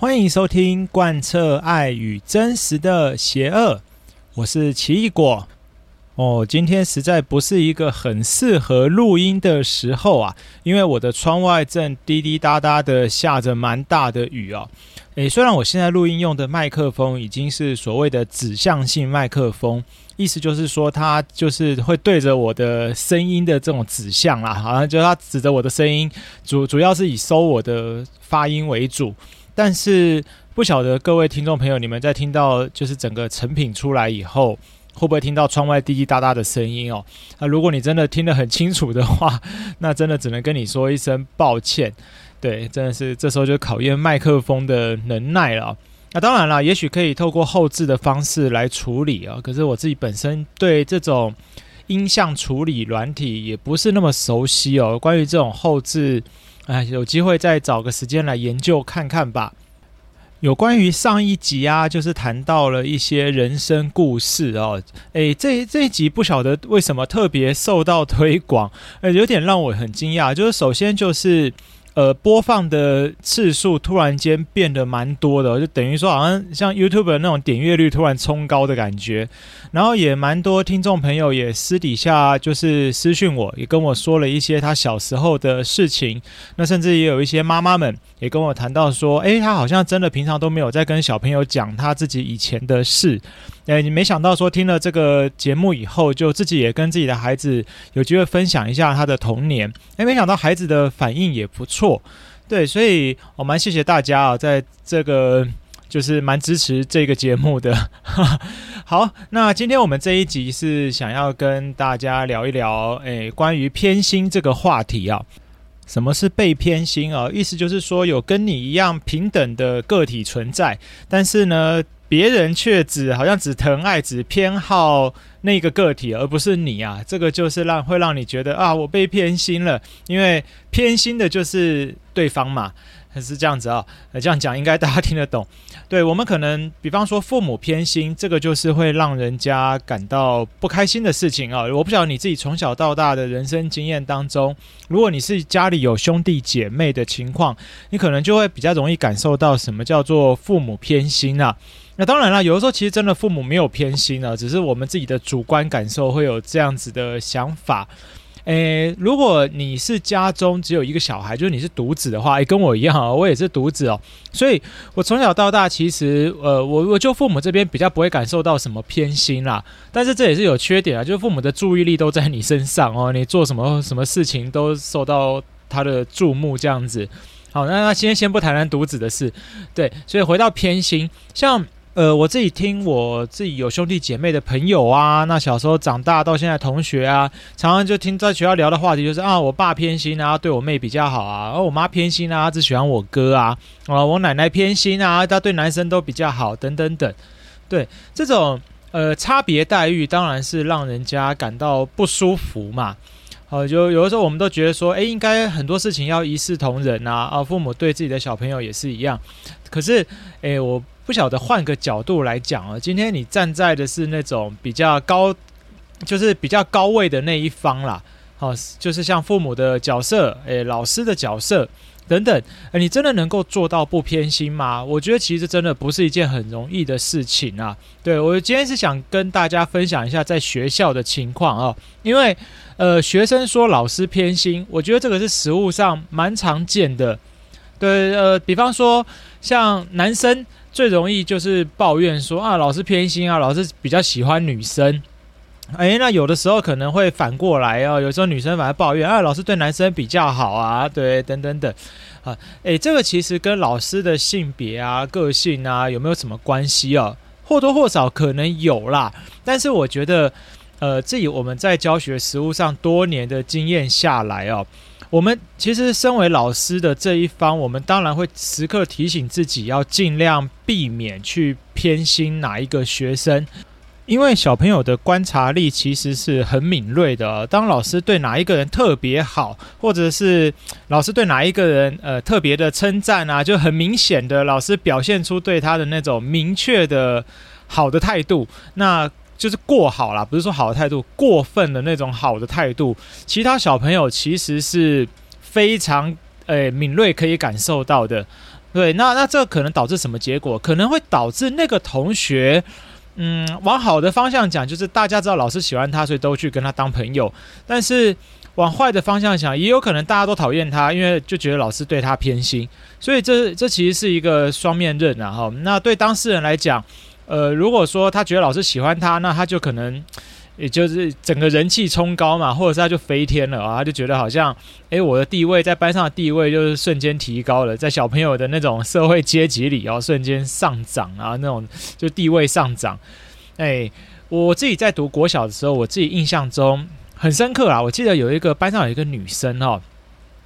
歡迎收聽貫徹愛與真實的邪惡，我是奇異果。哦，今天實在不是一個很適合錄音的時候啊，因為我的窗外正滴滴答答的下着蠻大的雨哦、啊。誒，雖然我現在錄音用的麥克風已經是所謂的指向性麥克風，意思就是說它就是會對着我的聲音的這種指向啦、啊，好像就是它指着我的聲音，主主要是以收我的發音為主。但是不曉得各位聽眾朋友，你們在聽到就是整個成品出來以後，會不會聽到窗外滴滴答答的聲音哦、啊？那如果你真的聽得很清楚的話，那真的只能跟你說一聲抱歉。對，真的是這時候就考驗麥克風的能耐了、啊。那、啊、當然了，也許可以透過後置的方式來處理啊。可是我自己本身對這種音像處理軟體也不是那麼熟悉哦。關於這種後置。啊，有機會再找個時間來研究看看吧。有關於上一集啊，就是談到了一些人生故事哦、啊。誒、欸，這一這一集不曉得為什麼特別受到推廣，欸，有點讓我很驚訝。就是首先就是。呃，播放的次數突然間變得蠻多的，就等於說好像像 YouTube 的那種點閱率突然衝高的感覺。然後也蠻多聽眾朋友也私底下就是私訊我，也跟我說了一些他小時候的事情。那甚至也有一些媽媽們也跟我談到說，誒、欸，他好像真的平常都沒有在跟小朋友講他自己以前的事。誒，你沒想到說聽了這個節目以後，就自己也跟自己的孩子有機會分享一下他的童年。誒，沒想到孩子的反應也不錯。對，所以我、哦、蠻謝謝大家啊，在這個就是蠻支持這個節目的。 好，那今天我們這一集是想要跟大家聊一聊，誒，關於偏心這個話題啊。什麼是被偏心啊？意思就是說有跟你一樣平等的個體存在，但是呢，別人卻只好像只疼愛只偏好那個個體，而不是你啊，這個就是讓會讓你覺得啊，我被偏心了，因為偏心的就是對方嘛，是這樣子啊，這樣講應該大家聽得懂。對，我們可能，比方說父母偏心，這個就是會讓人家感到不開心的事情啊。我不曉得你自己從小到大的人生經驗當中，如果你是家裡有兄弟姐妹的情況，你可能就會比較容易感受到什麼叫做父母偏心啊。那、啊、當然啦，有的時候其實真的父母沒有偏心啊。只是我們自己的主觀感受會有這樣子的想法。誒，如果你是家中只有一個小孩，就是你是獨子的話，誒，跟我一樣，啊，我也是獨子哦，所以我從小到大其實，呃，我我就父母這邊比較不會感受到什麼偏心啦、啊。但是這也是有缺點啊，就是父母的注意力都在你身上哦，你做什麼什麼事情都受到他的注目這樣子。好，那那今天先不談談獨子的事，對，所以回到偏心，像。呃，我自己聽我自己有兄弟姐妹的朋友啊，那小時候長大到現在同學啊，常常就聽在學校聊的話題就是啊，我爸偏心啊，對我妹比較好啊，而、啊、我媽偏心啊，她只喜歡我哥啊，啊，我奶奶偏心啊，她對男生都比較好等等等，對，這種呃差別待遇當然是讓人家感到不舒服嘛。呃、啊，就有的時候我們都覺得說，誒，應該很多事情要一視同仁啊，啊，父母對自己的小朋友也是一樣。可是，誒，我不曉得換個角度來講啊，今天你站在的是那種比較高，就是比較高位的那一方啦。好、啊，就是像父母的角色，誒，老師的角色等等，誒，你真的能夠做到不偏心嗎？我覺得其實真的不是一件很容易的事情啊。對，我今天是想跟大家分享一下在學校的情況啊，因為。呃，學生說老師偏心，我覺得這個是實務上蠻常見的。對，呃，比方說像男生最容易就是抱怨說啊，老師偏心啊，老師比較喜歡女生。哎，那有的時候可能會反過來哦、啊，有時候女生反而抱怨啊，老師對男生比較好啊，對，等等等。啊，哎，這個其實跟老師的性別啊、個性啊有沒有什麼關係啊？或多或少可能有啦，但是我覺得。呃，自己我們在教學實務上多年的經驗下來哦，我們其實身為老師的這一方，我們當然會時刻提醒自己，要盡量避免去偏心哪一個學生，因為小朋友的觀察力其實是很敏銳的哦。當老師對哪一個人特別好，或者是老師對哪一個人呃特別的稱讚啊，就很明顯的老師表現出對他的那種明確的好的態度，那。就是過好啦，不是說好的態度，過分的那種好的態度，其他小朋友其實是非常，誒，敏銳可以感受到的。對，那那這可能導致什麼結果？可能會導致那個同學，嗯，往好的方向講，就是大家知道老師喜歡他，所以都去跟他當朋友；但是往壞的方向想，也有可能大家都討厭他，因為就覺得老師對他偏心。所以這，這這其實是一個雙面刃啊，哦！哈，那對當事人來講。呃，如果說他覺得老師喜歡他，那他就可能，也就是整個人氣衝高嘛，或者是他就飛天了啊，他就覺得好像，誒，我的地位，在班上的地位就是瞬間提高了，在小朋友的那種社會階級裡哦，瞬間上漲啊，那種就地位上漲。誒。我自己在讀國小的時候，我自己印象中很深刻啊，我記得有一個班上有一個女生哦，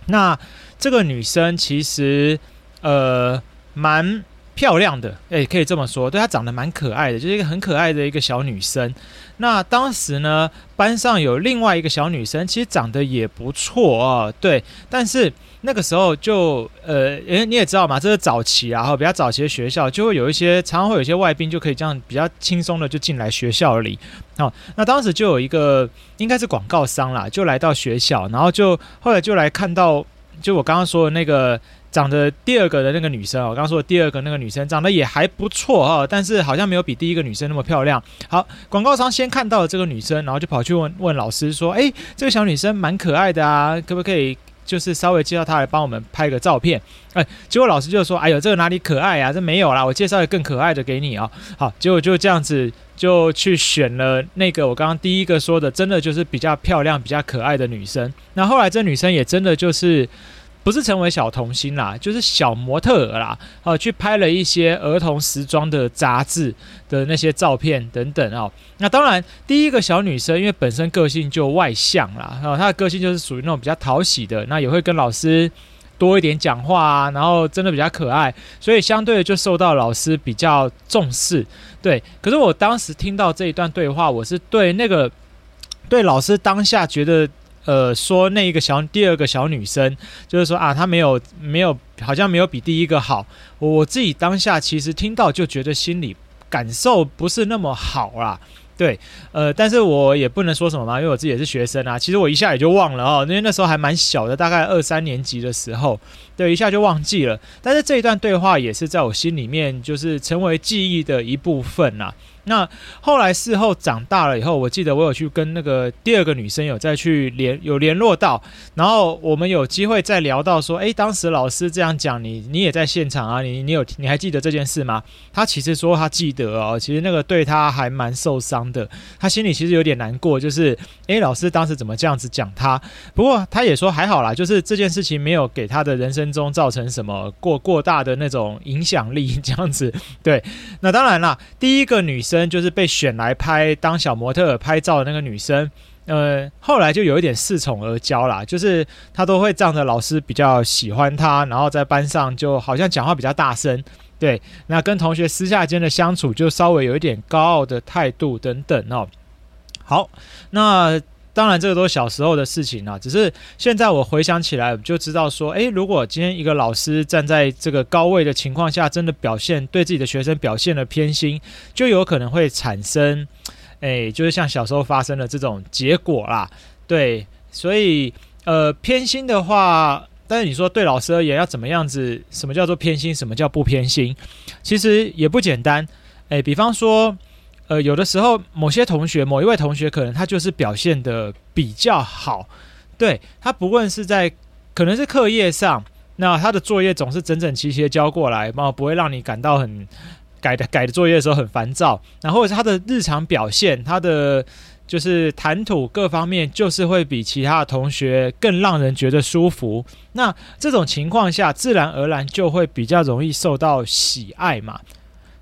那這個女生其實呃蠻。漂亮的，誒，可以這麼說，對，她長得蠻可愛的，就是一個很可愛的一個小女生。那當時呢，班上有另外一個小女生，其實長得也不錯啊，哦，對。但是那個時候就，呃，誒，你也知道嘛，這是早期啊，然後比較早期的學校，就會有一些，常常會有一些外賓就可以這樣比較輕鬆的就進來學校裡。好，哦，那當時就有一個，應該是廣告商啦，就來到學校，然後就後來就來看到，就我剛剛說的那個。長得第二個的那個女生、哦，我剛剛說的第二個那個女生長得也還不錯哈、哦，但是好像沒有比第一個女生那麼漂亮。好，廣告商先看到了這個女生，然後就跑去問問老師說：“誒，這個小女生蠻可愛的啊，可不可以就是稍微介紹她來幫我們拍個照片？”哎、呃，結果老師就說：“哎呦，這個哪裡可愛啊？這沒有啦，我介紹一個更可愛的給你啊。”好，結果就這樣子就去選了那個我剛剛第一個說的，真的就是比較漂亮、比較可愛的女生。那後來這女生也真的就是。不是成為小童星啦，就是小模特兒啦，啊，去拍了一些兒童時裝的雜誌的那些照片等等啊。那當然，第一個小女生，因為本身個性就外向啦，然後，啊，她的個性就是屬於那種比較討喜的，那也會跟老師多一點講話啊，然後真的比較可愛，所以相對的就受到老師比較重視。對，可是我當時聽到這一段對話，我是對那個對老師當下覺得。呃，說那一個小，第二個小女生，就是說啊，她沒有沒有，好像沒有比第一個好。我自己當下其實聽到就覺得心裡感受不是那麼好啦，對，呃，但是我也不能說什麼嘛，因為我自己也是學生啊。其實我一下也就忘了哦，因為那時候還蠻小的，大概二三年級的時候，對，一下就忘記了。但是這一段對話也是在我心裡面，就是成為記憶的一部分吶、啊。那後來事後長大了以後，我記得我有去跟那個第二個女生有再去聯有聯絡到，然後我們有機會再聊到說，哎，當時老師這樣講你，你也在現場啊，你你有你還記得這件事嗎？她其實說她記得哦，其實那個對她還蠻受傷的，她心裡其實有點難過，就是哎，老師當時怎麼這樣子講她？不過她也說還好啦，就是這件事情沒有給她的人生中造成什麼過過大的那種影響力，這樣子對。那當然啦，第一個女生。就是被選來拍當小模特拍照的那個女生，呃，後來就有一點恃寵而驕啦，就是她都會仗着老師比較喜歡她，然後在班上就好像講話比較大聲，對，那跟同學私下間的相處就稍微有一點高傲的態度等等哦。好，那。當然，這個都是小時候的事情了啊。只是現在我回想起來，就知道說，誒，如果今天一個老師站在這個高位的情況下，真的表現對自己的學生表現了偏心，就有可能會產生，誒，就是像小時候發生的這種結果啦。對，所以，呃，偏心的話，但是你說對老師而言要怎麼樣子？什麼叫做偏心？什麼叫不偏心？其實也不簡單。誒，比方說。呃，有的時候，某些同學，某一位同學，可能他就是表現得比較好，對他，不論是在可能是課業上，那他的作業總是整整齊齊的交過來，然後不會讓你感到很改的改的作業的時候很煩躁，然後是他的日常表現，他的就是談吐各方面，就是會比其他同學更讓人覺得舒服，那這種情況下，自然而然就會比較容易受到喜愛嘛。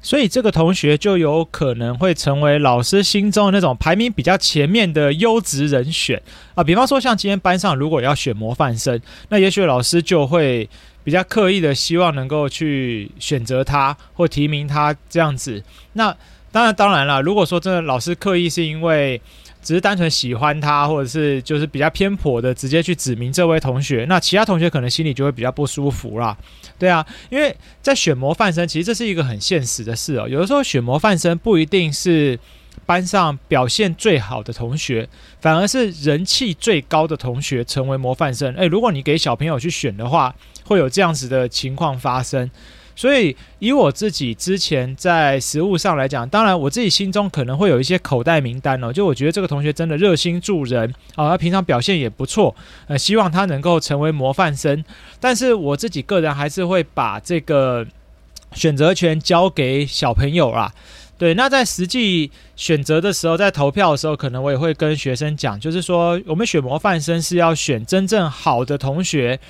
所以這個同學就有可能會成為老師心中的那種排名比較前面的優質人選啊，比方說像今天班上如果要選模範生，那也許老師就會比較刻意的希望能夠去選擇他或提名他這樣子。那當然當然啦，如果說真的老師刻意是因為。只是單純喜歡他，或者是就是比較偏頗的，直接去指明這位同學，那其他同學可能心裡就會比較不舒服啦。對啊，因為在選模範生，其實這是一個很現實的事哦。有的時候選模範生不一定是班上表現最好的同學，反而是人氣最高的同學成為模範生。誒，如果你給小朋友去選的話，會有這樣子的情況發生。所以，以我自己之前在實務上來講，當然我自己心中可能會有一些口袋名單哦。就我覺得這個同學真的熱心助人啊，他平常表現也不錯，呃，希望他能夠成為模範生。但是我自己個人還是會把這個選擇權交給小朋友啦、啊。對，那在實際選擇的時候，在投票的時候，可能我也會跟學生講，就是說我們選模範生是要選真正好的同學。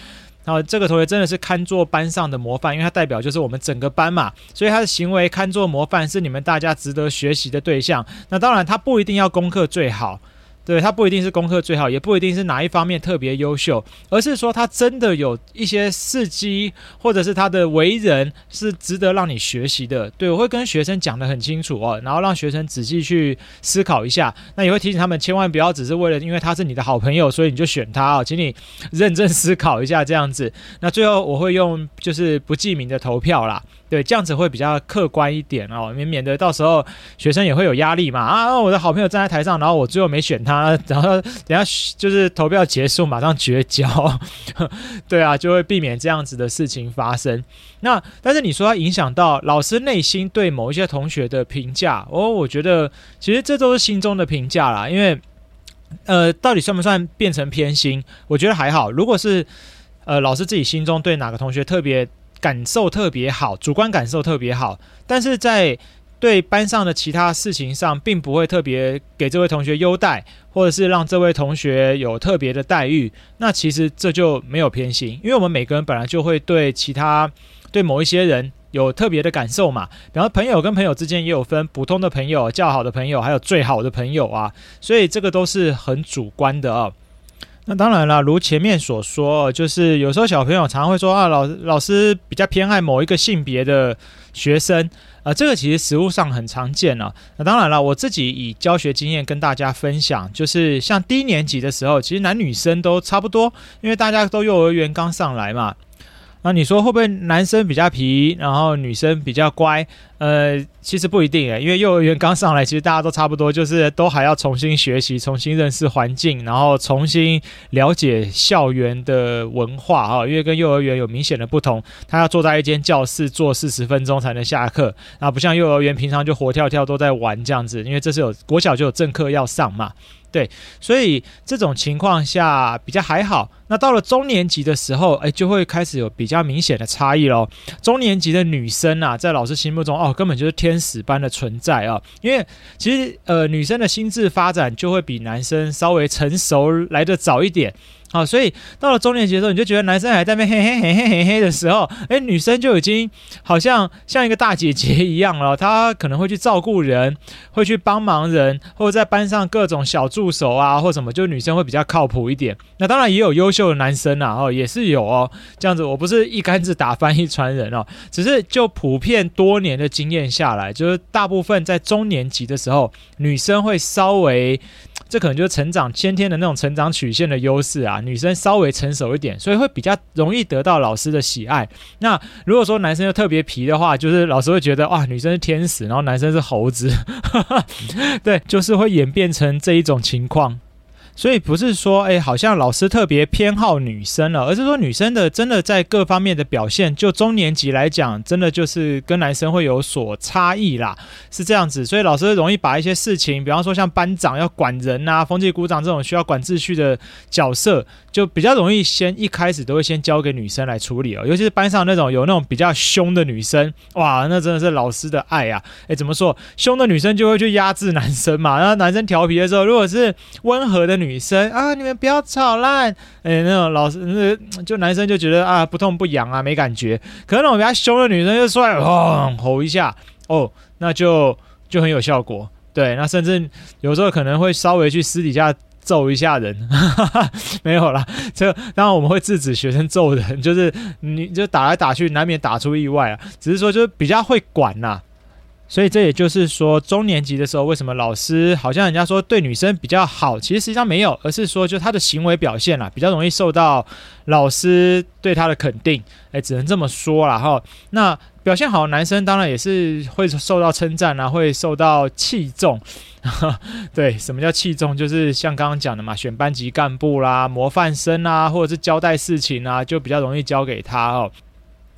然後這個同學真的是看作班上的模範，因為他代表就是我們整個班嘛，所以他的行為看作模範是你們大家值得學習的對象。那當然，他不一定要功課最好。對，他不一定是功課最好，也不一定是哪一方面特別優秀，而是說他真的有一些事蹟，或者是他的為人是值得讓你學習的。對，我會跟學生講得很清楚哦，然後讓學生仔細去思考一下。那也會提醒他們，千萬不要只是為了因為他是你的好朋友，所以你就選他啊，哦，請你認真思考一下這樣子。那最後我會用就是不記名的投票啦。對，這樣子會比較客觀一點哦，免免得到時候學生也會有壓力嘛。啊，我的好朋友站在台上，然後我最後沒選他，然後等下就是投票結束馬上絕交呵，對啊，就會避免這樣子的事情發生。那但是你說要影響到老師內心對某一些同學的評價，哦，我覺得其實這都是心中的評價啦。因為，呃，到底算不算變成偏心？我覺得還好。如果是，呃，老師自己心中對哪個同學特別。感受特別好，主觀感受特別好，但是在對班上的其他事情上，並不會特別給這位同學優待，或者是讓這位同學有特別的待遇。那其實這就沒有偏心，因為我們每個人本來就會對其他、對某一些人有特別的感受嘛。然後朋友跟朋友之間也有分普通的朋友、較好的朋友，還有最好的朋友啊，所以這個都是很主觀的啊。那當然啦，如前面所說，就是有時候小朋友常會說啊，老老師比較偏愛某一個性別的學生啊、呃，這個其實實務上很常見了、啊。那當然了，我自己以教學經驗跟大家分享，就是像低年級的時候，其實男女生都差不多，因為大家都幼兒園剛上來嘛。那、啊、你說會不會男生比較皮，然後女生比較乖？呃，其實不一定誒，因為幼兒園剛上來，其實大家都差不多，就是都還要重新學習，重新認識環境，然後重新了解校園的文化哈、啊，因為跟幼兒園有明顯的不同，他要坐在一間教室坐四十分鐘才能下課，啊，不像幼兒園平常就活跳跳都在玩這樣子，因為這是有國小就有正課要上嘛。對，所以這種情況下比較還好。那到了中年級的時候，哎，就會開始有比較明顯的差異咯。中年級的女生啊，在老師心目中，哦，根本就是天使般的存在啊。因為其實，呃，女生的心智發展就會比男生稍微成熟來得早一點。好，所以到了中年級的時候，你就覺得男生還在那邊嘿嘿嘿嘿嘿嘿的時候，誒、欸，女生就已經好像像一個大姐姐一樣了。她可能會去照顧人，會去幫忙人，或者在班上各種小助手啊，或者什麼，就女生會比較靠譜一點。那當然也有優秀的男生啦，哦，也是有哦，這樣子我不是一竿子打翻一船人哦，只是就普遍多年的經驗下來，就是大部分在中年級的時候，女生會稍微。這可能就是成長先天的那種成長曲線的優勢啊，女生稍微成熟一點，所以會比較容易得到老師的喜愛。那如果說男生又特別皮的話，就是老師會覺得哇，女生是天使，然後男生是猴子， 對，就是會演變成這一種情況。所以不是說哎、欸，好像老師特別偏好女生了、喔，而是說女生的真的在各方面的表現，就中年級來講，真的就是跟男生會有所差異啦，是這樣子。所以老師容易把一些事情，比方說像班長要管人吶、啊，風紀股長這種需要管秩序的角色，就比較容易先一開始都會先交給女生來處理哦、喔。尤其是班上那種有那種比較凶的女生，哇，那真的是老師的愛啊！哎、欸，怎麼說？凶的女生就會去壓制男生嘛。然後男生調皮的時候，如果是溫和的女生。女生啊，你們不要吵啦，哎、欸，那種老師那就男生就覺得啊不痛不癢啊沒感覺，可能那種比較凶的女生就出來、哦、吼一下哦，那就就很有效果，對，那甚至有時候可能會稍微去私底下揍一下人哈哈，沒有啦，這當然我們會制止學生揍人，就是你就打來打去難免打出意外啊，只是說就是比較會管啦、啊。所以這也就是說，中年級的時候，為什麼老師好像人家說對女生比較好？其實實際上沒有，而是說就他的行為表現啦、啊，比較容易受到老師對他的肯定。誒，只能這麼說啦哈。那表現好的男生當然也是會受到稱讚啊，會受到器重。對，什麼叫器重？就是像剛剛講的嘛，選班級幹部啦、模範生啊，或者是交代事情啊，就比較容易交給他哦。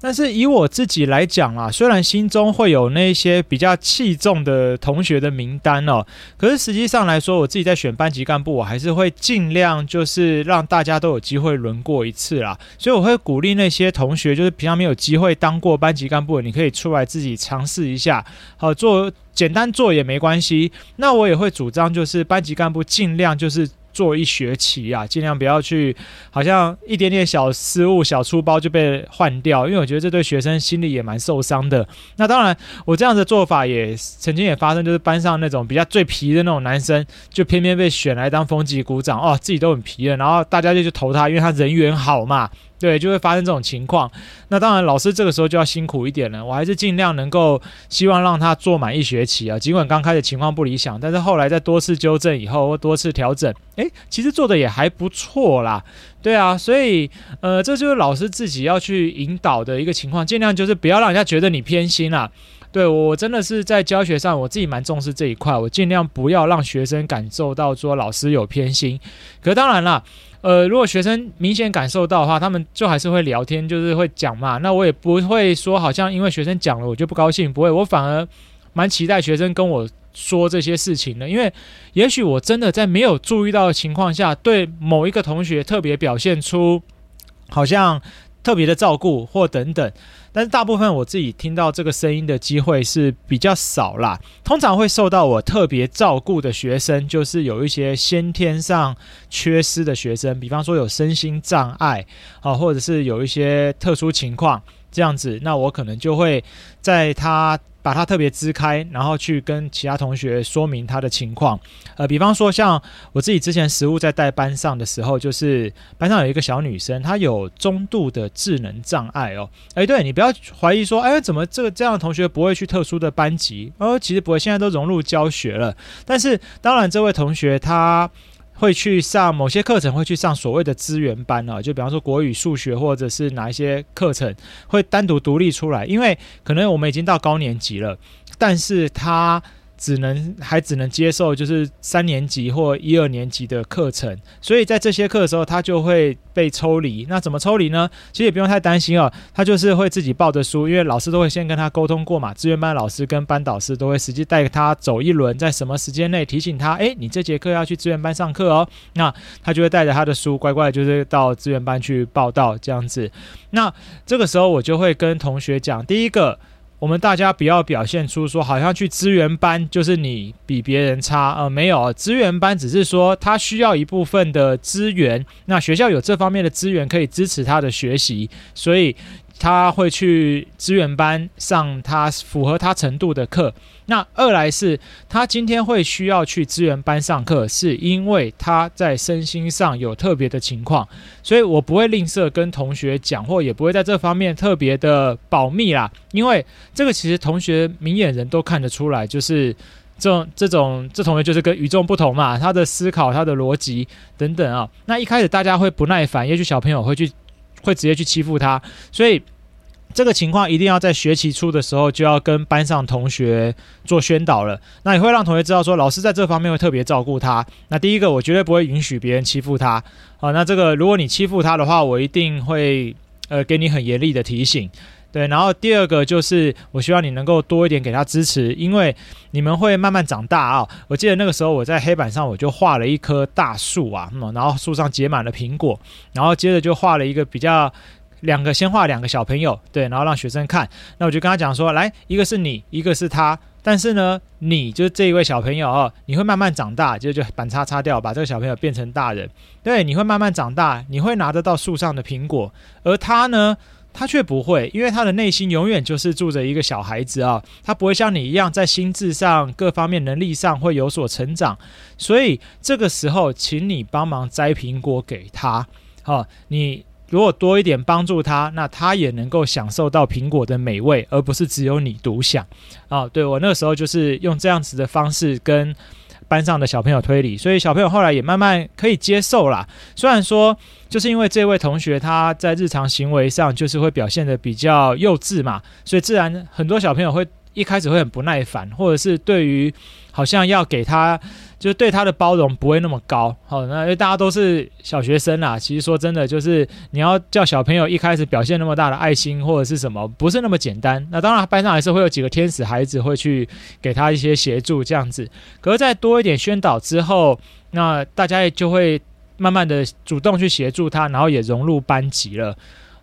但是以我自己來講啦、啊，雖然心中會有那些比較器重的同學的名單哦，可是實際上來說，我自己在選班級幹部，我還是會盡量就是讓大家都有機會輪過一次啦。所以我會鼓勵那些同學，就是平常沒有機會當過班級幹部的，你可以出來自己嘗試一下，好，做，簡單做也沒關係。那我也會主張就是班級幹部盡量就是。做一學期啊，盡量不要去，好像一點點小失誤、小出包就被換掉，因為我覺得這對學生心裡也蠻受傷的。那當然，我這樣的做法也曾經也發生，就是班上那種比較最皮的那種男生，就偏偏被選來當風紀股長哦，自己都很皮了，然後大家就去投他，因為他人緣好嘛。對，就會發生這種情況。那當然，老師這個時候就要辛苦一點了。我還是盡量能夠希望讓他做滿一學期啊。儘管剛開始情況不理想，但是後來在多次糾正以後或多次調整，誒，其實做得也還不錯啦。對啊，所以呃，這就是老師自己要去引導的一個情況，盡量就是不要讓人家覺得你偏心啦，啊。對，我真的是在教學上，我自己蠻重視這一塊，我盡量不要讓學生感受到說老師有偏心。可當然啦。呃，如果學生明顯感受到的話，他們就還是會聊天，就是會講嘛。那我也不會說，好像因為學生講了，我就不高興。不會，我反而蠻期待學生跟我說這些事情的，因為也許我真的在沒有注意到的情況下，對某一個同學特別表現出好像特別的照顧或等等。但是大部分我自己聽到這個聲音的機會是比較少啦。通常會受到我特別照顧的學生，就是有一些先天上缺失的學生，比方說有身心障礙，啊，或者是有一些特殊情況這樣子，那我可能就會在他。把他特別支開，然後去跟其他同學說明他的情況。呃，比方說像我自己之前實務在帶班上的時候，就是班上有一個小女生，她有中度的智能障礙哦。哎，對你不要懷疑說，哎，怎麼這個這樣的同學不會去特殊的班級？哦、呃，其實不會，現在都融入教學了。但是當然，這位同學他。她會去上某些課程，會去上所謂的資源班啊，就比方說國語、數學，或者是哪一些課程，會單獨獨立出來，因為可能我們已經到高年級了，但是他。只能還只能接受就是三年級或一二年級的課程，所以在這些課的時候，他就會被抽離。那怎麼抽離呢？其實也不用太擔心哦，他就是會自己抱着書，因為老師都會先跟他溝通過嘛。資源班老師跟班導師都會實際帶他走一輪，在什麼時間內提醒他，誒、欸，你這節課要去資源班上課哦。那他就會帶着他的書，乖乖的就是到資源班去報到這樣子。那這個時候我就會跟同學講，第一個。我們大家不要表現出說，好像去資源班就是你比別人差，呃，沒有，資源班只是說他需要一部分的資源，那學校有這方面的資源可以支持他的學習，所以。他會去資源班上他符合他程度的課。那二來是他今天會需要去資源班上課，是因為他在身心上有特別的情況，所以我不會吝嗇跟同學講，或也不會在這方面特別的保密啦。因為這個其實同學明眼人都看得出來，就是這種這種這同學就是跟與眾不同嘛，他的思考、他的邏輯等等啊。那一開始大家會不耐煩，也許小朋友會去。會直接去欺負他，所以這個情況一定要在學期初的時候就要跟班上同學做宣導了。那也會讓同學知道說，老師在這方面會特別照顧他。那第一個，我絕對不會允許別人欺負他。好，那這個如果你欺負他的話，我一定會呃給你很嚴厲的提醒。對，然後第二個就是，我希望你能夠多一點給他支持，因為你們會慢慢長大啊。我記得那個時候我在黑板上我就畫了一棵大樹啊，嗯，然後樹上結滿了蘋果，然後接着就畫了一個比較，兩個先畫兩個小朋友，對，然後讓學生看，那我就跟他講說，來，一個是你，一個是他，但是呢，你就是這一位小朋友啊，你會慢慢長大，接著就板擦擦掉，把這個小朋友變成大人，對，你會慢慢長大，你會拿得到樹上的蘋果，而他呢？他卻不會，因為他的內心永遠就是住着一個小孩子啊，他不會像你一樣在心智上、各方面能力上會有所成長，所以這個時候，請你幫忙摘蘋果給他，好，啊，你如果多一點幫助他，那他也能夠享受到蘋果的美味，而不是只有你獨享啊。對，我那時候就是用這樣子的方式跟。班上的小朋友推理，所以小朋友後來也慢慢可以接受啦。雖然說，就是因為這位同學他在日常行為上就是會表現得比較幼稚嘛，所以自然很多小朋友會一開始會很不耐煩，或者是對於好像要給他。就對他的包容不會那麼高，好、哦，那因為大家都是小學生啦。其實說真的，就是你要叫小朋友一開始表現那麼大的愛心或者是什麼，不是那麼簡單。那當然，班上還是會有幾個天使孩子會去給他一些協助，這樣子。可是，在多一點宣導之後，那大家也就會慢慢的主動去協助他，然後也融入班級了。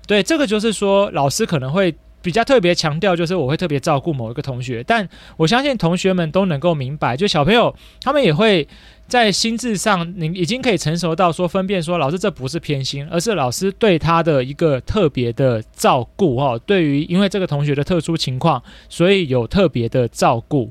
對，這個就是說，老師可能會。比較特別強調就是我會特別照顧某一個同學，但我相信同學們都能夠明白，就小朋友他們也會在心智上，你已經可以成熟到說分辨說，老師這不是偏心，而是老師對他的一個特別的照顧哈。對於因為這個同學的特殊情況，所以有特別的照顧。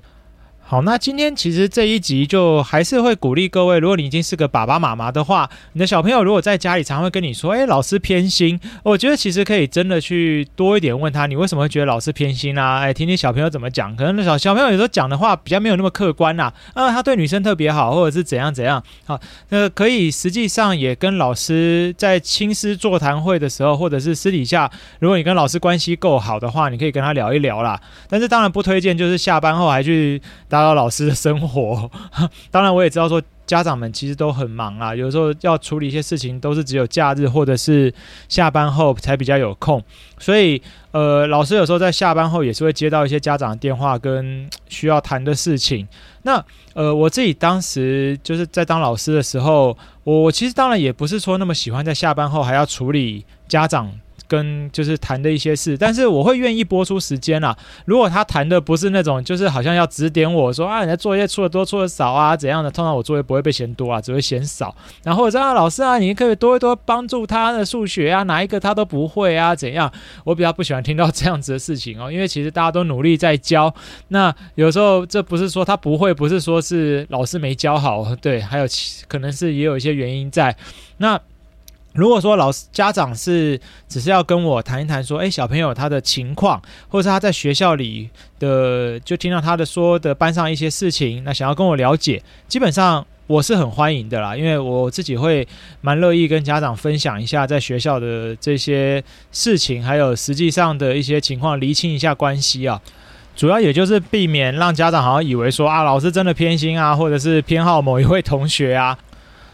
好，那今天其實這一集就還是會鼓勵各位，如果你已經是個爸爸媽媽的話，你的小朋友如果在家裡常會跟你說，哎，老師偏心，我覺得其實可以真的去多一點問他，你為什麼會覺得老師偏心啊？哎，聽聽小朋友怎麼講，可能小小朋友有時候講的話比較沒有那麼客觀啦、啊，啊，他對女生特別好，或者是怎樣怎樣，好，那可以實際上也跟老師在親師座談會的時候，或者是私底下，如果你跟老師關係夠好的話，你可以跟他聊一聊啦。但是當然不推薦，就是下班後還去打。到老師的生活，當然我也知道說家長們其實都很忙啊，有時候要處理一些事情，都是只有假日或者是下班後才比較有空，所以呃，老師有時候在下班後也是會接到一些家長的電話跟需要談的事情。那呃，我自己當時就是在當老師的時候，我我其實當然也不是說那麼喜歡在下班後還要處理家長。跟就是談的一些事，但是我會願意播出時間啦、啊。如果他談的不是那種，就是好像要指點我說啊，你的作業出的多出的少啊，怎樣的？通常我作業不會被嫌多啊，只會嫌少。然後我知道、啊、老師啊，你可以多一多幫助他的數學啊，哪一個他都不會啊，怎樣？我比較不喜歡聽到這樣子的事情哦，因為其實大家都努力在教。那有時候這不是說他不會，不是說是老師沒教好，對，還有其可能是也有一些原因在那。如果說老師家長是只是要跟我談一談說，說，誒，小朋友他的情況，或者是他在學校裡的就聽到他的說的班上一些事情，那想要跟我了解，基本上我是很歡迎的啦，因為我自己會蠻樂意跟家長分享一下在學校的這些事情，還有實際上的一些情況，釐清一下關係啊，主要也就是避免讓家長好像以為說啊，老師真的偏心啊，或者是偏好某一位同學啊。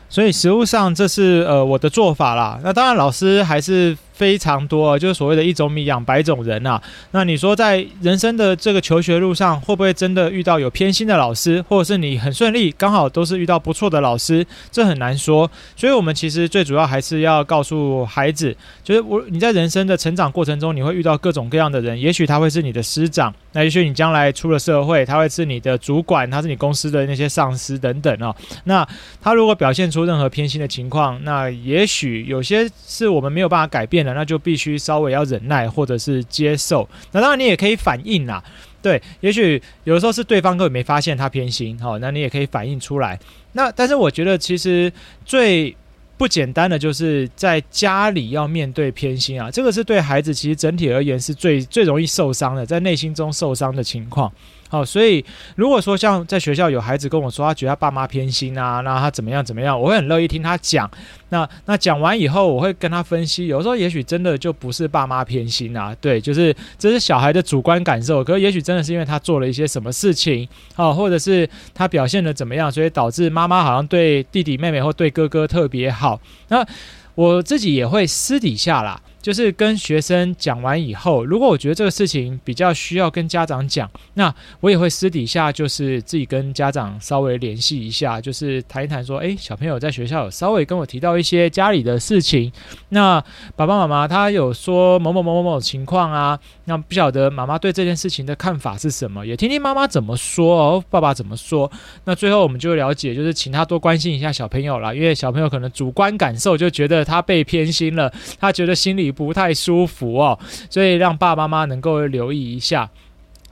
所以，實務上這是呃我的做法啦。那當然，老師還是非常多，就是所謂的一種米養百種人啊。那你說，在人生的這個求學路上，會不會真的遇到有偏心的老師，或者是你很順利，剛好都是遇到不錯的老師，這很難說。所以，我們其實最主要還是要告訴孩子，就是我你在人生的成長過程中，你會遇到各種各樣的人，也許他會是你的師長，那也許你將來出了社會，他會是你的主管，他是你公司的那些上司等等啊。那他如果表現出任何偏心的情況，那也許有些是我們沒有辦法改變的。那就必須稍微要忍耐，或者是接受。那當然，你也可以反應啦、啊。對，也許有時候是對方根本沒發現他偏心，好、哦，那你也可以反應出來。那但是，我覺得其實最不簡單的就是在家裡要面對偏心啊，這個是對孩子其實整體而言是最最容易受傷的，在內心中受傷的情況。好、哦，所以如果說像在學校有孩子跟我說他覺得他爸媽偏心啊，那他怎麼樣怎麼樣，我會很樂意聽他講。那那講完以後，我會跟他分析，有時候也許真的就不是爸媽偏心啊，對，就是這是小孩的主觀感受。可是也許真的是因為他做了一些什麼事情，哦，或者是他表現得怎麼樣，所以導致媽媽好像對弟弟妹妹或對哥哥特別好。那我自己也會私底下啦。就是跟學生講完以後，如果我覺得這個事情，比較需要跟家長講，那我也會私底下就是自己跟家長稍微聯繫一下，就是談一談說，誒，小朋友在學校有稍微跟我提到一些家裡的事情，那爸爸媽媽他有說某某某某某情況啊，那不曉得媽媽對這件事情的看法是什麼？也聽聽媽媽怎麼說哦，爸爸怎麼說，那最後我們就了解，就是請他多關心一下小朋友啦，因為小朋友可能主觀感受就覺得他被偏心了，他覺得心裡。不太舒服哦，所以讓爸爸媽媽能夠留意一下。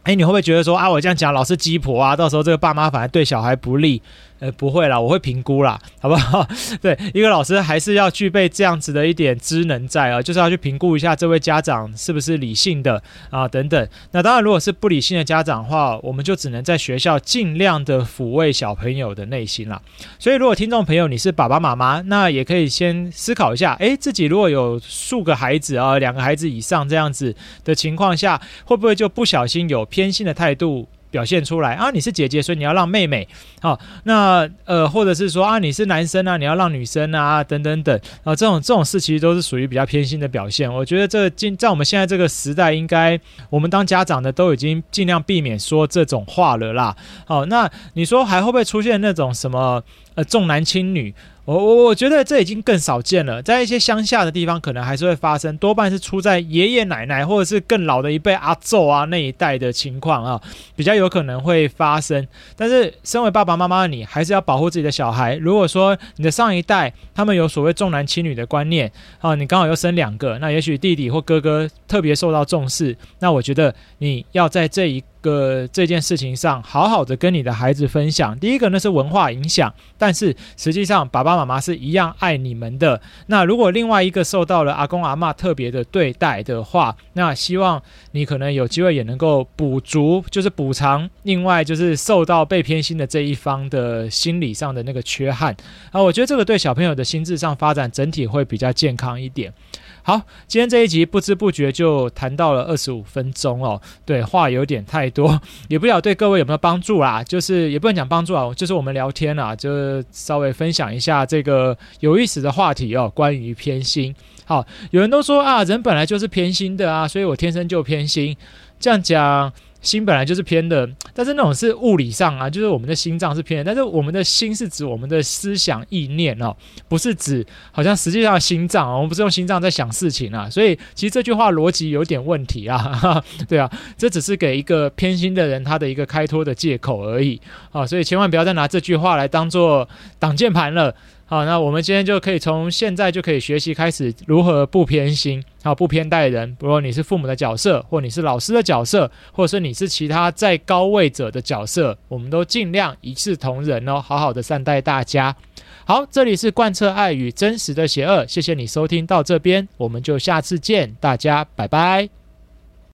哎，你會不會覺得說啊，我這樣講老是雞婆啊？到時候這個爸媽反而對小孩不利。呃，不會啦，我會評估啦，好不好？ 對，一個老師還是要具備這樣子的一點知能在啊，就是要去評估一下這位家長是不是理性的啊，等等。那當然，如果是不理性的家長的話，我們就只能在學校盡量的撫慰小朋友的內心啦。所以，如果聽眾朋友你是爸爸媽媽，那也可以先思考一下，哎，自己如果有數個孩子啊，兩個孩子以上這樣子的情況下，會不會就不小心有偏心的態度？表現出來啊！你是姐姐，所以你要讓妹妹。好、啊，那呃，或者是說啊，你是男生啊，你要讓女生啊，等等等啊，這種這種事其實都是屬於比較偏心的表現。我覺得這今在我們現在這個時代，應該我們當家長的都已經盡量避免說這種話了啦。好、啊，那你說還會不會出現那種什麼？呃，重男輕女，我我我覺得這已經更少見了。在一些鄉下的地方，可能還是會發生，多半是出在爺爺奶奶或者是更老的一輩阿祖啊那一代的情況啊，比較有可能會發生。但是，身為爸爸媽媽的你，還是要保護自己的小孩。如果說你的上一代他們有所謂重男輕女的觀念，啊，你剛好又生兩個，那也許弟弟或哥哥特別受到重視，那我覺得你要在這一個這件事情上，好好的跟你的孩子分享。第一個呢，是文化影響，但是實際上爸爸媽媽是一樣愛你們的。那如果另外一個受到了阿公阿嬤特別的對待的話，那希望你可能有機會也能夠補足，就是補償。另外就是受到被偏心的這一方的心理上的那個缺憾啊，我覺得這個對小朋友的心智上發展整體會比較健康一點。好，今天這一集不知不覺就談到了二十五分鐘哦，對話有點太多，也不曉得對各位有沒有幫助啦、啊，就是也不能講幫助啊，就是我們聊天啦、啊，就稍微分享一下這個有意思的話題哦，關於偏心。好，有人都說啊，人本來就是偏心的啊，所以我天生就偏心，這樣講。心本來就是偏的，但是那種是物理上啊，就是我們的心臟是偏的，但是我們的心是指我們的思想意念哦、啊，不是指好像實際上心臟哦、啊，我們不是用心臟在想事情啊，所以其實這句話邏輯有點問題啊，哈哈對啊，這只是給一個偏心的人他的一個開脫的借口而已啊，所以千萬不要再拿這句話來當做擋箭牌了。好，那我們今天就可以從現在就可以學習開始，如何不偏心，好，不偏待人。不論你是父母的角色，或你是老師的角色，或者是你是其他在高位者的角色，我們都盡量一視同仁哦，好好的善待大家。好，這裡是貫徹愛與真實的邪惡，謝謝你收聽到這邊，我們就下次見，大家拜拜。